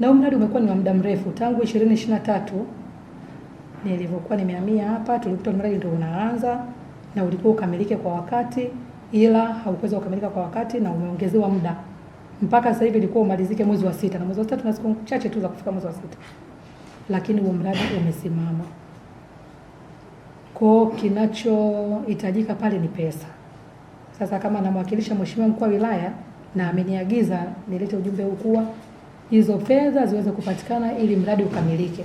na huu mradi umekuwa ni wa muda mrefu tangu 2023 nilivyokuwa nimehamia hapa, tulikuta mradi ndio unaanza na ulikuwa ukamilike kwa wakati, ila haukuweza kukamilika kwa wakati na umeongezewa muda mpaka sasa hivi ilikuwa umalizike mwezi wa sita, na mwezi wa sita tuna siku chache tu za kufika mwezi wa sita, lakini huo mradi umesimama. Kwa kinachohitajika pale ni pesa. Sasa kama namwakilisha mheshimiwa mkuu wa wilaya, na ameniagiza nilete ujumbe huu kuwa hizo fedha ziweze kupatikana ili mradi ukamilike,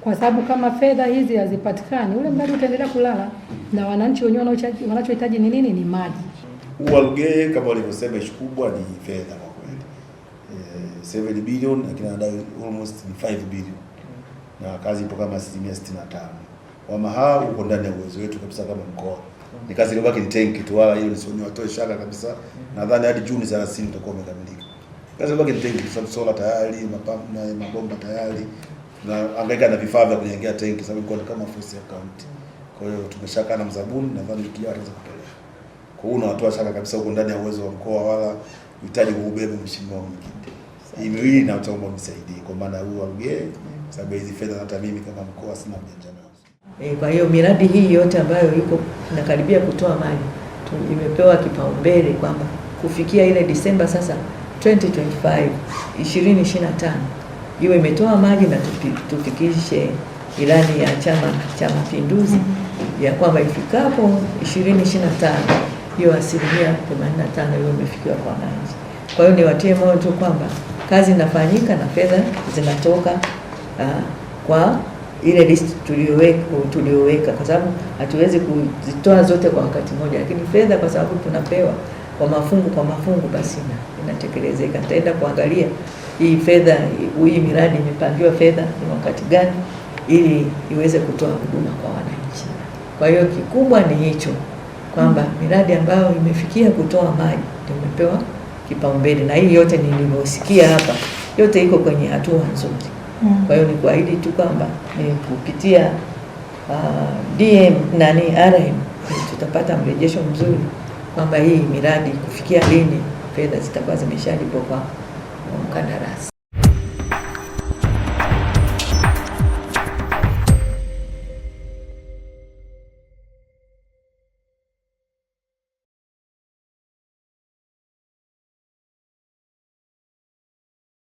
kwa sababu kama fedha hizi hazipatikani ule mradi utaendelea kulala, na wananchi wenyewe wanachohitaji ni nini? Ni maji. Uwarugeye kama walivyosema, ishu kubwa ni fedha kwa kweli, 7 eh, billion lakini anadai almost ni 5 billion na kazi ipo kama asilimia 65. Wamahaa uko ndani ya uwezo wetu kabisa kama mkoa, ni kazi iliyobaki ni tenki tu, wala hiyo sio, ni watoe shaka kabisa. Nadhani hadi Juni 30 tutakuwa tumekamilika lazima baki tenki, sababu sola tayari, mabomba tayari, na angaika na vifaa vya kujengea tanki, sababu kwa kama ofisi ya kaunti. Kwa hiyo tumeshakaa na mzabuni, nadhani wiki ijayo ataweza kupeleka. Kwa hiyo unawatoa shaka kabisa huko ndani ya uwezo wa mkoa wala uhitaji kuubeba, mheshimiwa mwenyekiti. Hii miwili na utaomba msaidie kwa maana huyu Amgee, sababu hizi fedha hata mimi kama mkoa sina ujanja nazo. E, kwa hiyo miradi hii yote ambayo iko inakaribia kutoa mali imepewa kipaumbele kwamba kufikia ile Disemba sasa 2025 2025 iwe imetoa maji na tufikishe ilani ya Chama cha Mapinduzi ya kwamba ifikapo 2025 hiyo asilimia 85 iwe imefikiwa kwa maji. Kwa hiyo niwatie moyo tu kwamba kazi inafanyika na fedha zinatoka uh, kwa ile list tuliyoweka, kwa sababu hatuwezi kuzitoa zote kwa wakati mmoja, lakini fedha kwa sababu tunapewa kwa mafungu kwa mafungu, basi inatekelezeka. Nitaenda kuangalia hii fedha, hii miradi imepangiwa fedha ni wakati gani, ili iweze kutoa huduma kwa wananchi. Kwa hiyo kikubwa ni hicho kwamba miradi ambayo imefikia kutoa maji ndio imepewa kipaumbele, na hii yote nilivyosikia hapa yote iko kwenye hatua nzuri. Mm. Kwa hiyo nikuahidi tu kwamba ni kupitia uh, ah, DM nani RM tutapata mrejesho mzuri kwamba hii miradi kufikia lini fedha zitakuwa zimeshalipwa kwa mkandarasi.